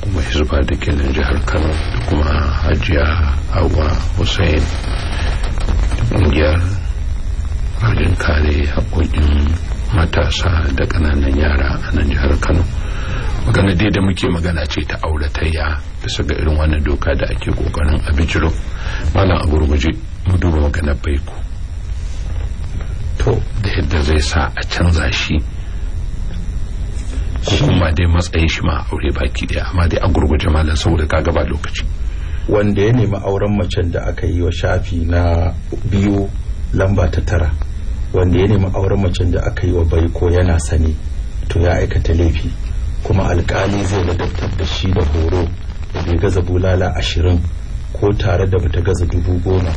kuma hizba da ke nan jihar kano da kuma hajiya hawa hussain ƙungiyar rajin kare haƙoƙin matasa da ƙananan yara a nan jihar kano magana dai da muke magana ce ta auratayya bisa ga irin wannan doka da ake ƙoƙarin a bijiro malam a gurguje mu duba maganar baiko to da yadda zai sa a canza shi kuma dai matsayin shi ma aure baki daya amma dai a gurguje malam saboda ka ba lokaci wanda ya nemi auren macen da aka yi wa shafi na biyu lamba ta tara wanda ya nemi auren macen da aka yi wa baiko yana sani to ya aikata laifi kuma alkali zai ladabtar da shi da horo da bai gaza bulala ashirin ko tare da bata gaza dubu goma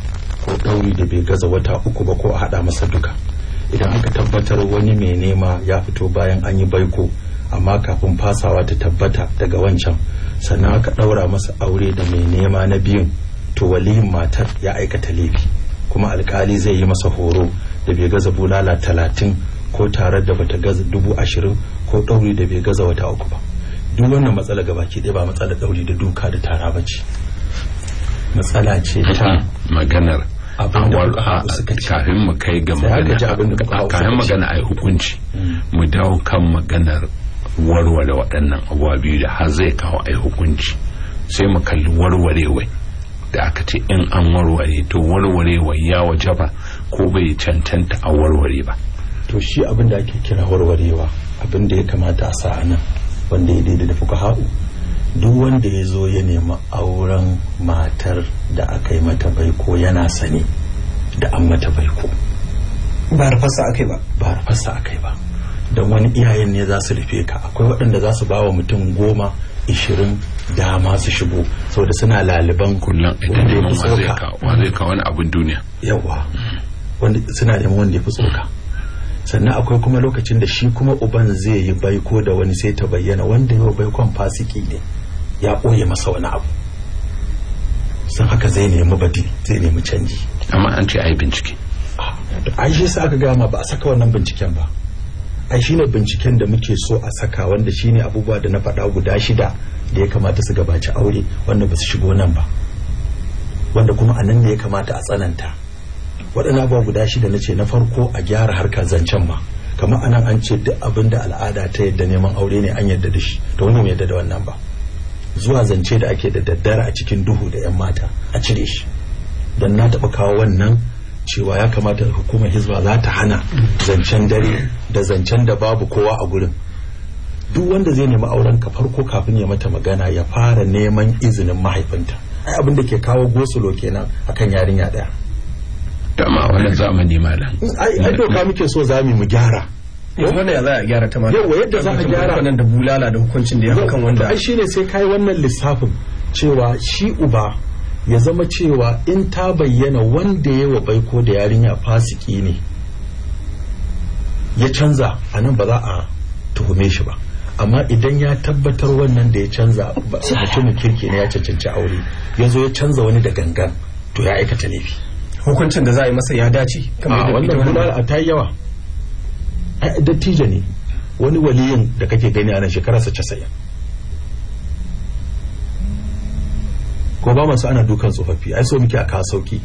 ko ɗauri da bai gaza wata uku ba ko a haɗa masa duka idan aka tabbatar wani mai nema ya fito bayan an yi baiko amma kafin fasawa ta tabbata daga wancan sannan aka ɗaura masa aure da mai nema na biyun to walihin matar ya aikata laifi kuma alkali zai yi masa horo da bai gaza bulala talatin ko tare da bata gaza dubu ashirin ko ɗauri da bai gaza wata uku ba duk wannan matsala ga baki ɗaya ba matsala ɗauri da duka da tara ba ce matsala ce ta maganar kafin mu kai ga magana kafin magana yi hukunci mm. mu dawo kan maganar warware waɗannan abuwa biyu da har zai kawo ai hukunci sai mu kalli warwarewa da aka ce in an warware to warwarewa ya waje ba ko bai cancanta a warware ba to shi abin da ake kira warwarewa abin da ya kamata a sa a nan wanda ya daidai da fuka haɗu duk wanda ya zo ya nemi auren matar da aka yi mata baiko yana sani da an mata baiko ba rafasa akai ba ba rafasa akai ba don wani iyayen ne za su rufe ka akwai waɗanda za su bawa mutum goma ishirin dama su shigo saboda suna laliban kullum wa zai ka wani abin duniya yawa suna neman wanda ya fi tsoka sannan akwai kuma lokacin da shi kuma uban zai yi baiko da wani sai ta bayyana wanda yau baikon fasiki ne ya ɓoye masa wani abu san haka zai nemi badi zai nemi canji amma an ce ai bincike yi shi sa aka gama ba a saka wannan binciken ba ai shine binciken da muke so a saka wanda shine abubuwa da na faɗa guda shida da ya kamata su gabaci aure wanda ba su shigo nan ba wanda kuma a nan ne ya kamata a tsananta waɗannan abubuwa guda shida na ce na farko a gyara harka zancen ma kamar anan an ce duk abin da al'ada ta yadda neman aure ne an yadda da shi to wani mai yadda da wannan ba zuwa zance da ake da daddare a cikin duhu da 'yan mata a cire shi don na taɓa kawo wannan cewa ya kamata hukumar hizba za ta hana zancen dare da zancen da babu kowa a gurin duk wanda zai nemi auren ka farko kafin ya mata magana ya fara neman izinin mahaifinta ai abin da ke kawo gosulo kenan akan yarinya daya dama wannan zamani malam ai ai doka muke so zami mu gyara wanda ya za a gyara ta malam yawa yadda za a gyara wannan da bulala da hukuncin da ya kan wanda ai shine sai kai wannan lissafin cewa shi uba ya zama cewa in ta bayyana wanda ya wa baiko da yarinya fasiki ne ya canza a nan ba za a tuhume shi ba amma idan ya tabbatar wannan da ya canza mutumin kirki ne ya cancanci aure ya zo ya canza wani da gangan to ya aikata laifi hukuncin da za a yi masa ya dace kamar da wannan a ta yawa dattijo ne wani waliyin da kake gani a nan shekararsa casa'in ko ba masu ana dukan tsofaffi ai so muke a kawo sauki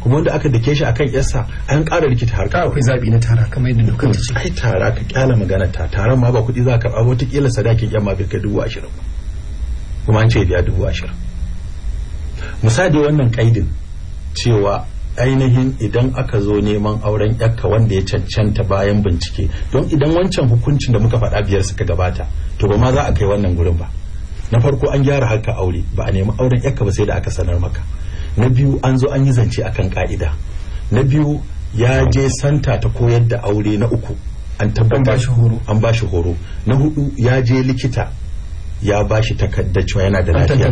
kuma wanda aka dake shi akan yasa an ƙara rikita harka akwai zabi na tara kamar yadda dukan ta ce ai tara ka kyala magana ta taron ma ba kuɗi za ka karɓa wata kila sadakin yamma bai kai dubu ashirin kuma an ce biya dubu ashirin misali wannan kaidin cewa ainihin idan aka zo neman auren yakka wanda ya cancanta bayan bincike don idan wancan hukuncin da muka faɗa biyar suka gabata to ba ma za a kai wannan gurin ba na farko an gyara harka aure ba a nemi auren yakka ba sai da aka sanar maka na biyu an zo an yi zance akan ka'ida na biyu ya je santa ta koyar da aure na uku an tabbatar an ba shi horo na hudu ya je likita ya ba shi takarda cewa yana da lafiya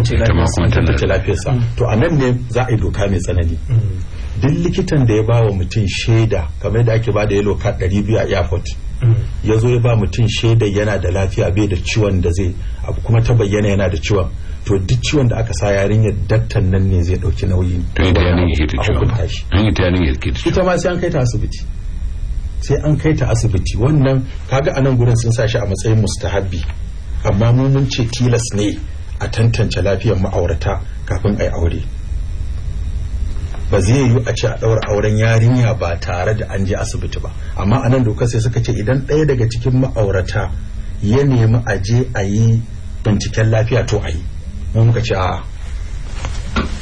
lafiyarsa mm. to a nan ne za a yi doka mai tsanani mm. duk likitan da ya ba wa mutum shaida kamar da ake ba da yellow card 200 a airport ya zo ya ba mutum shaida yana da lafiya bai da ciwon da zai abu kuma ta bayyana yana da ciwon to duk ciwon da aka sa yarinyar dattan nan ne zai dauki nauyi to ita da ciwon ciwon ita ma sai an kai ta asibiti sai an kai ta asibiti wannan kaga anan gurin sun sa shi a matsayin mustahabi amma mu mun ce tilas ne a tantance lafiyar ma'aurata kafin a yi aure ba zai yi a ce a ɗaura auren yarinya ba tare da an je asibiti ba amma a nan dokar sai suka ce idan ɗaya daga cikin ma'aurata ya nemi a je a yi binciken lafiya to a yi mun muka ce a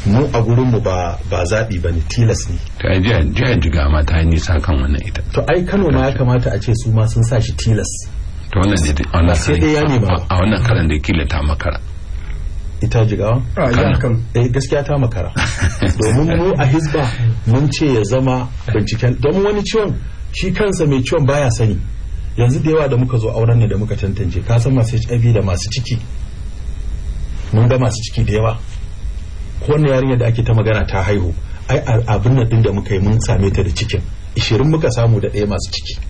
mu a mu ba ba zaɓi ba ne tilas ne to ai jiya ga mata ta sa kan wannan ita to ai kano ma ya kamata a ce su ma sun sa shi tilas to wannan ne a wannan karan da kila ta makara ita jigawa ah, eh gaskiya ta makara domin mu a hisba mun ce ya zama binciken don wani ciwon shi kansa mai ciwon baya sani yanzu da yawa da muka zo auren ne da muka tantance ka san masu HIV da masu ciki mun ga masu ciki da yawa ko wani yarinya da ake ta magana ta haihu ai abin nan din da muka yi mun same ta da cikin 20 muka samu da ɗaya masu ciki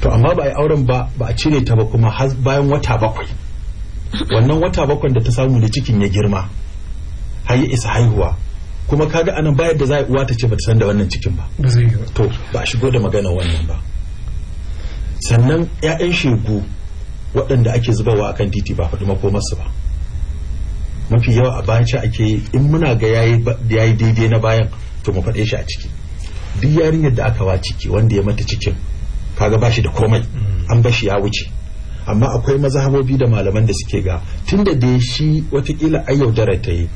to amma ba a yi auren ba ba a cire ta ba kuma bayan wata bakwai wannan wata bakwai da ta samu da cikin ya girma har ya isa haihuwa kuma kaga anan bayar da za uwa ta ce bata san da wannan cikin ba to ba a shigo da magana wannan ba sannan 'ya'yan shegu waɗanda ake zubawa akan titi ba faɗi makomarsu ba mafi yawa a bayan shi ake in muna ga yayi daidai na bayan to mu faɗe shi a ciki duk yarinyar da aka wa ciki wanda ya mata cikin kaga ba shi da komai mm. an bashi ya wuce amma akwai mazhabobi da malaman da suke ga tunda da shi watakila ai yaudara ta yi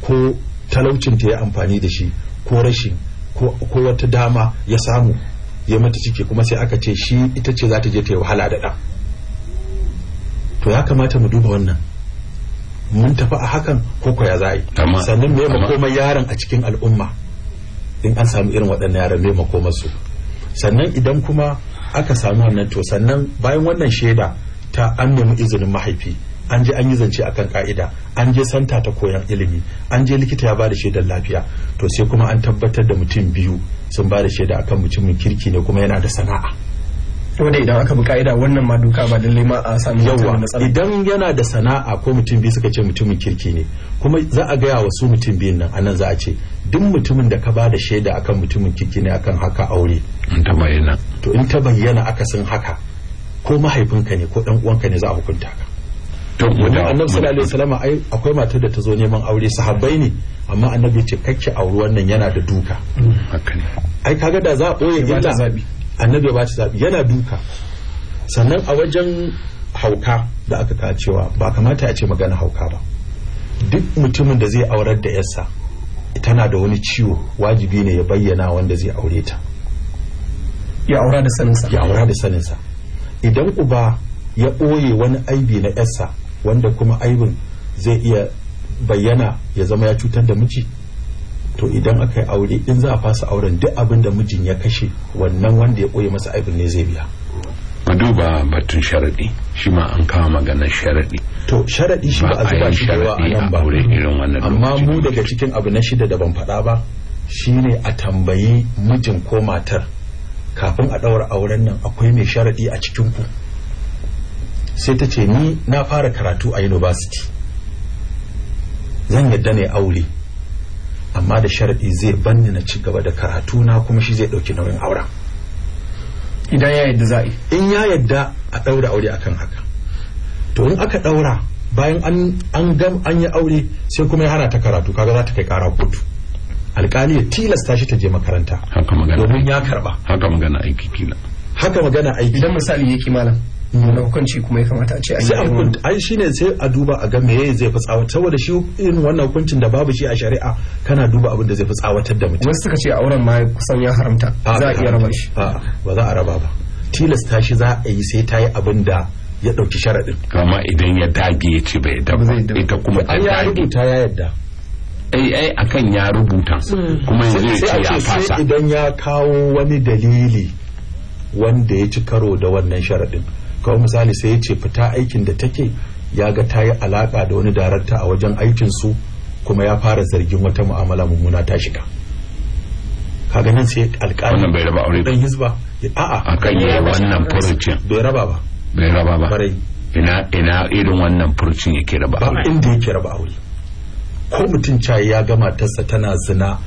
ko talaucin ta ya amfani da shi ko rashin ko wata dama ya samu ya mata ciki kuma sai aka ce shi ita ce za ta je ta yi wahala da ɗa to ya kamata mu duba wannan mun tafi a hakan ko ko ya za'i sannan me makoma yaron a cikin al'umma in an samu irin waɗannan yaran me makoma sannan idan kuma aka samu wannan to sannan bayan wannan shaida ta an nemi izinin mahaifi an je an yi zance akan ka'ida an je santa ta koyan ilimi an je likita ya bada shaidar lafiya to sai kuma an tabbatar da mutum biyu sun bada shaida akan mutumin kirki ne kuma yana da sana'a wanda idan aka bi ka'ida wannan ma doka ba lallai ma a samu yawa idan yana da sana'a ko mutum biyu suka ce mutumin kirki ne kuma za a gaya su mutum biyun nan anan za a ce duk mutumin da ka ba da shaida akan mutumin kirki ne akan haka aure in ta bayyana to in ta bayyana aka akasin haka ko mahaifinka ne ko ɗan uwanka ne za a hukunta ka domin annabi sallallahu alaihi wasallam ai akwai matar da ta zo neman aure sahabbai ne amma annabi ce kacce auri wannan yana da duka ne. ai kaga da za a boye illa annabi ba ta zabi yana duka sannan a wajen hauka da aka kacewa cewa ba kamata a ce magana hauka ba duk mutumin da zai aurar da yarsa tana da wani ciwo wajibi ne ya bayyana wanda zai aure ta ya aura da saninsa ya aura da saninsa idan uba ya ɓoye wani aibi na yarsa wanda kuma aibin zai iya bayyana ya zama ya cutar da miji to idan aka yi aure in za a fasa auren duk abin da mijin ya kashe wannan wanda ya ɓoye masa aibin ne zai biya a duba batun sharaɗi shi ma an kawo maganar sharaɗi to sharaɗi shi ba a zuba shi da yawa a nan ba amma mu daga cikin abu na shida da ban faɗa ba shine a tambayi mijin ko matar kafin a ɗaura auren nan akwai mai sharaɗi a cikin ku sai ta ce ni na fara karatu a university zan yadda ne aure amma da sharaɗi zai banni na ci gaba da karatu na kuma shi zai ɗauki nauyin auren idan ya yadda za'i in ya yadda a ɗaura aure akan haka to in aka ɗaura bayan an an yi aure sai kuma ya hana ta karatu kaga za ta kai kara kotu alkali ya tilasta shi ta je makaranta haka magana domin ya karba haka magana aiki kila haka magana aiki idan misali yake malam nuna hukunci kuma ya kamata a ce sai a hukunta ai shine sai a duba a ga meye zai fi tsawatar saboda shi irin wannan hukuncin da babu shi a shari'a kana duba abin da zai fi tsawatar da mutum wasu suka ce auren ma kusan ya haramta za a iya raba shi ba za a raba ba tilasta shi za a yi sai ta yi abin da ya ɗauki sharaɗin kama idan ya dage ya ce bai yadda ita kuma ta dage ya rubuta ya yadda ai akan ya rubuta hmm. kuma yanzu ya ce ya fasa idan ya kawo wani dalili wanda ya ci karo da wannan sharaɗin kawai misali sai ya ce fita aikin da take ya ga ta yi alaƙa da wani darakta a wajen aikinsu kuma ya fara zargin wata mu'amala mummuna ta shiga kaga nan sai alƙali wannan bai raba aure dan hizba a'a akan yi wannan furucin bai raba ba bai raba ba ina ina irin wannan furucin yake raba aure inda yake raba aure ko mutum cayi ya ga matarsa tana zina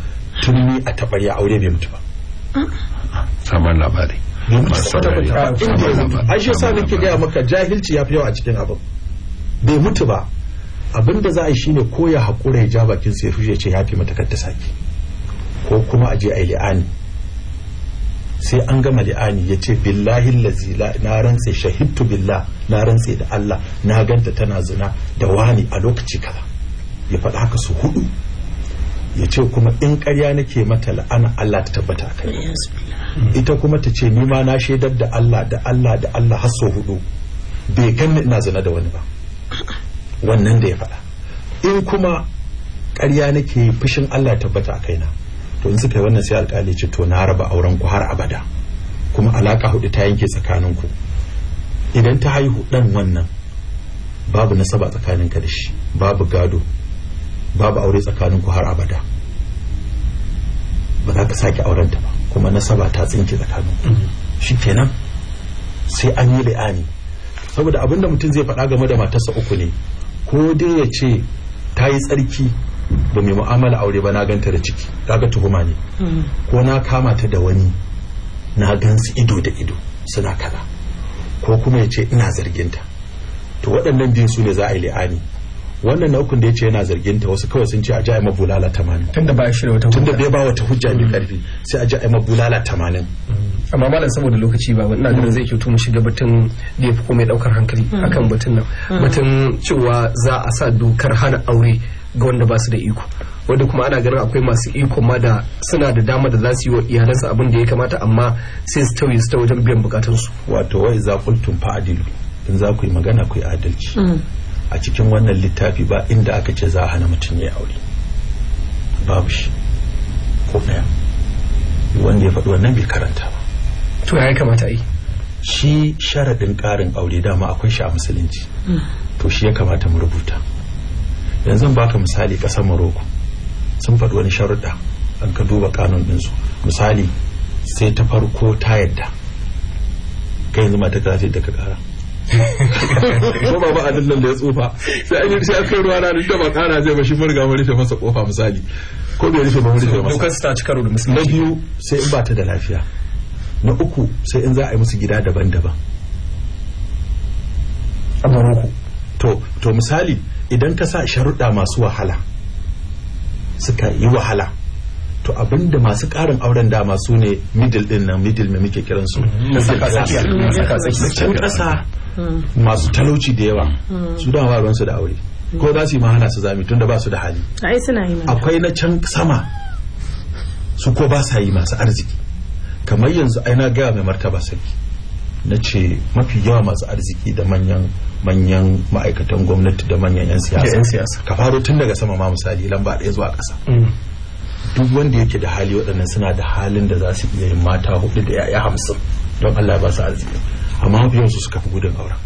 tuni a ya aure bai mutu ba saman labari a shi sa nake gaya maka jahilci ya fi yawa a cikin abin bai mutu ba abin da za a yi shine ko ya haƙura ya ja bakin sai rushe ce ya fi matakar ta sake ko kuma a je a yi li'ani sai an gama li'ani ya ce billahi lazi na rantse shahidtu billah na rantse da Allah na ganta tana zina da wani a lokaci kaza ya faɗa haka su hudu ya ce kuma in ƙarya nake mata la'ana Allah ta tabbata kai hmm. ita kuma ta ce nima na shaidar da Allah da Allah da Allah har so hudu bai ganni ina zina da wani ba wannan da ya faɗa in kuma ƙarya nake fushin Allah tabbata a kaina to in suka yi wannan sai alƙali ce to na raba auren ku har abada kuma alaka hudu ta yanke tsakanin ku idan ta haihu dan wannan babu nasaba tsakaninka da shi babu gado babu aure tsakaninku har abada ba za ka sake aurenta ba kuma nasaba ta tsinke tsakaninku mm-hmm. shi kenan sai an yi la'ani saboda abinda mutum zai faɗa game da matarsa uku ne ko dai ya ce ta yi tsarki ba mai mu'amala aure ba na ganta da ciki kaga tuhuma ne mm-hmm. ko na kama ta da wani na gansu ido da ido suna kaza ko kuma ya ce ina zarginta to waɗannan biyu su ne za a yi la'ani wannan na ukun da ce yana zargin ta wasu kawai sun ce a ji bulala tamanin. tunda ba shi wata tunda bai ba wata hujja mai karfi mm. sai a ji a bulala tamanin. Mm. amma malam saboda lokaci ba ina ganin zai kyautu mu shiga batun da yafi komai daukar hankali mm. akan batun nan batun cewa za a sa dokar hana aure ga wanda ba su da iko wanda kuma ana ganin akwai masu iko ma da suna da dama da za su yi wa iyalansu abin da ya kamata amma sai su tauye su ta wajen biyan bukatunsu wato wai za kultum fa'adilu in za ku yi magana ku yi adalci a cikin wannan littafi ba inda aka ce za a hana mutum ya aure babu shi ko ɗaya wanda ya faɗi wannan bai karanta ba to ya kamata yi shi sharaɗin ƙarin aure dama akwai shi a musulunci hmm. to shi ya kamata mu rubuta yanzu baka misali ƙasar maroko sun faɗi wani sharuɗa an ka duba kanun ɗinsu misali sai ta farko ta yadda kai yanzu mata ta ce da ka ƙara ko ba ba adin nan da ya tsufa sai an yi sai an ruwa na da ba kana zai ba shi furga mu rufe masa kofa misali ko bai rufe ba mu rufe masa su ta ci karo da na biyu sai in ba ta da lafiya na uku sai in za a yi musu gida daban-daban amma to to misali idan ka sa sharuɗa masu wahala suka yi wahala to abinda masu karin auren dama su ne middle din nan middle mai muke kiransu. su ƙasa masu talauci da yawa su da ba ruwansu da aure ko za su yi mahana su zami tunda ba su da hali akwai na can sama su ko ba sa yi masu arziki kamar yanzu aina gaya mai martaba sarki na ce mafi yawa masu arziki da manyan manyan ma'aikatan gwamnati da manyan 'yan siyasa ka faro tun daga sama ma misali lamba ɗaya zuwa ƙasa mm. duk wanda yake da hali waɗannan suna da halin da za su iya yin mata hudu da yaya hamsin don Allah ba su arziki amma mafi su suka fi gudun auren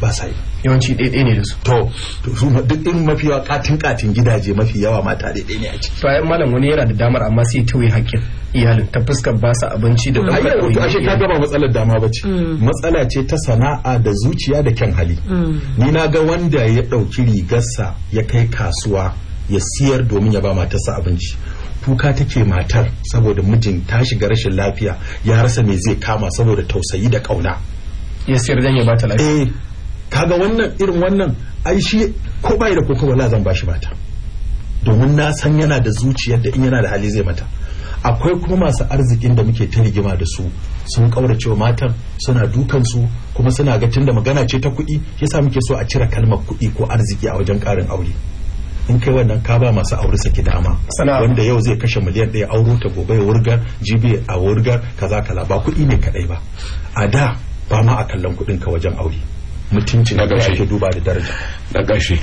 ba sa yi yawanci ɗaiɗai ne da su to to su duk in mafi yawa katin katin gidaje mafi yawa mata ɗaiɗai ne a ciki to ai malam wani yana da damar amma sai tauye hakkin iyalin ta fuskar ba sa abinci da mm. ɗaukar ɗauki ashe ka gaba matsalar dama ba ce mm. matsala ce ta sana'a da zuciya da kyan hali mm. ni na ga wanda ya ɗauki rigarsa ya kai kasuwa ya siyar domin ya ba matarsa abinci kuka take matar saboda mijin ta shiga rashin lafiya ya rasa me zai kama saboda tausayi da kauna ya siyar dan ya bata lafiya eh kaga wannan irin wannan ai shi ko bai da koko wala zan bashi mata domin na san yana da zuciyar da in yana da hali zai mata akwai kuma masu arzikin da muke ta rigima da su sun kaurace wa matan suna dukan su kuma suna ga tunda magana ce ta kuɗi yasa muke so a cire kalmar kuɗi ko arziki a wajen ƙarin aure in kai wannan ka ba masu aure saki dama wanda yau zai kashe miliyan ɗaya auro ta gobe ya wurgar jibi a wurgar kaza kala ba kuɗi ne kaɗai ba a da ba ma a kallon kuɗin ka wajen aure mutunci na gaba ake duba da daraja na gashi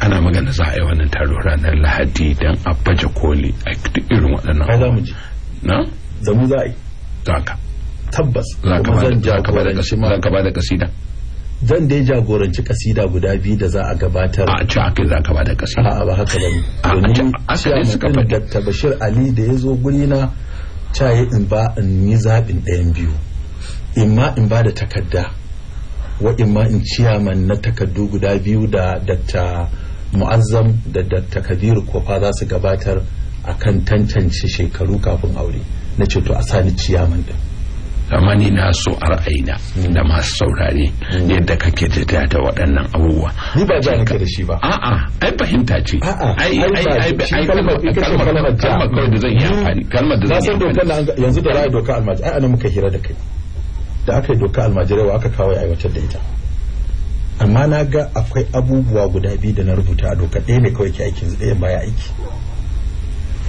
ana magana za a yi wannan taro ranar lahadi dan a baje koli a irin waɗannan ai za mu ji na Za mu za a yi za ka tabbas za ka ba da kasida zan dai jagoranci kasida guda biyu da za a gabatar a ci akai za ka ba da kasida a ba haka ba ne domin asali suka faɗi Dr. Bashir Ali da ya zo guri na caye in ba in yi zaɓin ɗayan biyu imma in ba da takarda wa imma in ciyaman na takardu guda biyu da datta mu'azzam da datta kabiru fa za su gabatar a kan tantance shekaru kafin aure na ce to a sani ciyaman din amma ni na so a ra'ayina hmm. da masu saurare hmm. yadda kake tafiya da waɗannan abubuwa ni ba ja ka da shi ba a'a ai fahimta ce ai ai ai ai kalmar da zan yi amfani kalmar da zan yi amfani yanzu da ra'ayi doka almajiri ai ana muka hira da kai da aka yi doka almajirai wa aka kawo aiwatar da ita amma na ga akwai abubuwa guda biyu da na rubuta a doka ɗaya ne kawai ke aiki ɗaya baya aiki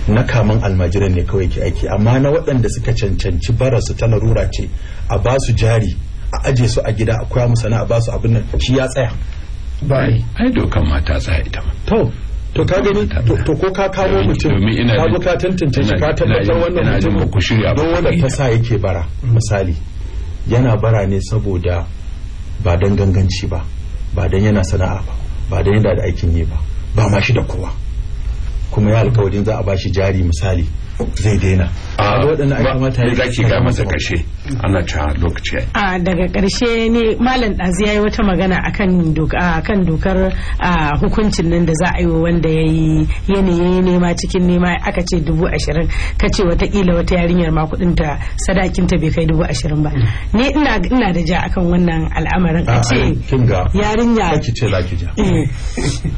na kaman almajiran ne kawai ke aiki amma na waɗanda suka cancanci barasu ta larura ce a ba su jari a aje su a gida a koya musu a ba su abin nan shi ya tsaya bai ai dokan ma ta tsaya ita ma to to ka gani to ko ka kawo mutum ka buka tantance shi ka tabbatar wannan mutum don wanda ta sa yake bara mm. misali yana bara ne saboda ba don ganganci ba ba don yana sana'a ba ba don yana da aikin yi ba ba ma shi da kowa kuma ya alkawarin za a ba shi jari misali zai daina a waɗannan aikamata ya ga masa kashe ana ta lokaci a daga karshe ne malam Ɗazi ya yi wata magana akan kan dokar hukuncin nan da za a yi wa wanda ya yi yanayi nema cikin nema aka ce dubu ashirin ka ce watakila wata yarinyar ma kudinta sadakinta bai kai dubu ashirin ba mm. ne ina da ja akan wannan al'amarin a ce yarinya ki ce laki ja eh.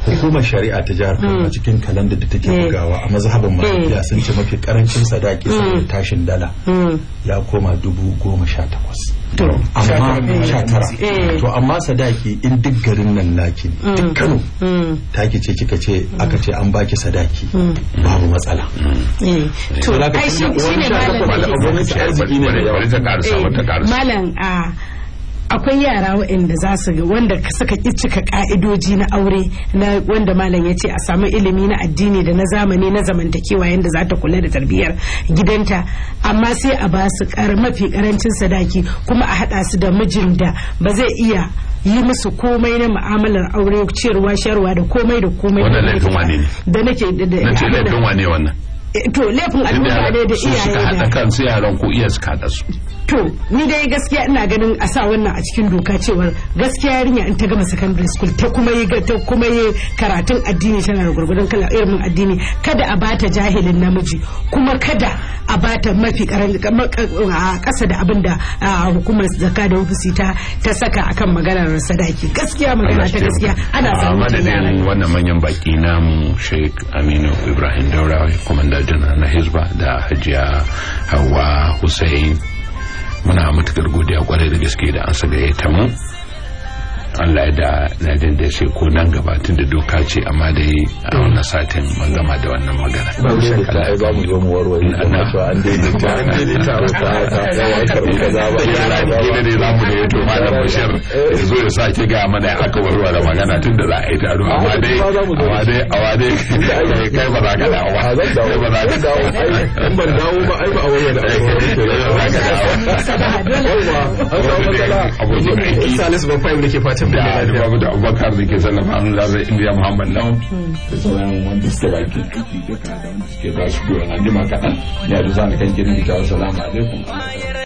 hukumar shari'a ta jihar Kano mm. cikin kalanda da take eh. bugawa a mazhabin eh. malikiya sun ce mafi karancin sadaki saboda mm. tashin dala ya koma dubu goma sha takwas amma sha tara eh. to amma sadaki in duk garin nan naki duk mm. kano mm. taki ce kika ce aka ce an baki sadaki mm. babu matsala eh. to ai shi ne malam eh, malam a ah, akwai yara waɗanda za su ga wanda suka ƙi cika ka'idoji na aure na wanda malam ya ce a samu ilimi na addini da na zamani na zamantakewa yadda za ta kula da tarbiyyar gidanta amma sai a ba su mafi karancin sadaki kuma a haɗa su da mijin da ba zai iya yi musu komai na mu'amalar aure ciyarwa shayarwa da komai da komai laifin wane ne da nake da nake laifin wane wannan eh, to laifin al'umma ne da iyaye da suka haɗa kansu yaran ko iya suka haɗa su to ni dai gaskiya ina ganin a sa wannan a cikin doka cewar gaskiya yarinya in ta gama secondary school ta kuma yi ta kuma yi karatun addini tana da gurgurdan kala irin addini kada a bata jahilin namiji kuma kada a bata mafi a kasa da abinda hukumar zakka da ofisi ta ta saka akan maganar sadaki gaskiya magana ta gaskiya ana samun madadin wannan manyan baki namu Sheikh Aminu Ibrahim Daura kuma janar na Hizba da Hajiya Hawwa Hussein muna matukar godiya kwarai da gaske da an saga ya tamu Allah da na jin da shi ko nan gaba tun da doka ce amma da yi a wannan satin ban gama da wannan magana ba mu shakka ai ba mu zo mu warware da na an daidaita an ta ba ta ta yawa karbi kaza ba ya la dole ne za mu da yato malam bashir ya zo ya sake ga mana aka warware magana tun da za a yi taro amma dai amma dai amma dai kai ba za ka da awa ba za ka da awa in ban dawo ba ai ba a warware da awa ba za ka da awa yawa an samu matsala abokin aiki salisu ban fahimta ke fata da Babu da Abubakar da ke sallafa an zaza Indiya Muhammad Nau mm. da sauran wanda suke ke kafi da wanda suke ba su goyon an jima kaɗan ya da a gidan da salamu alaikum.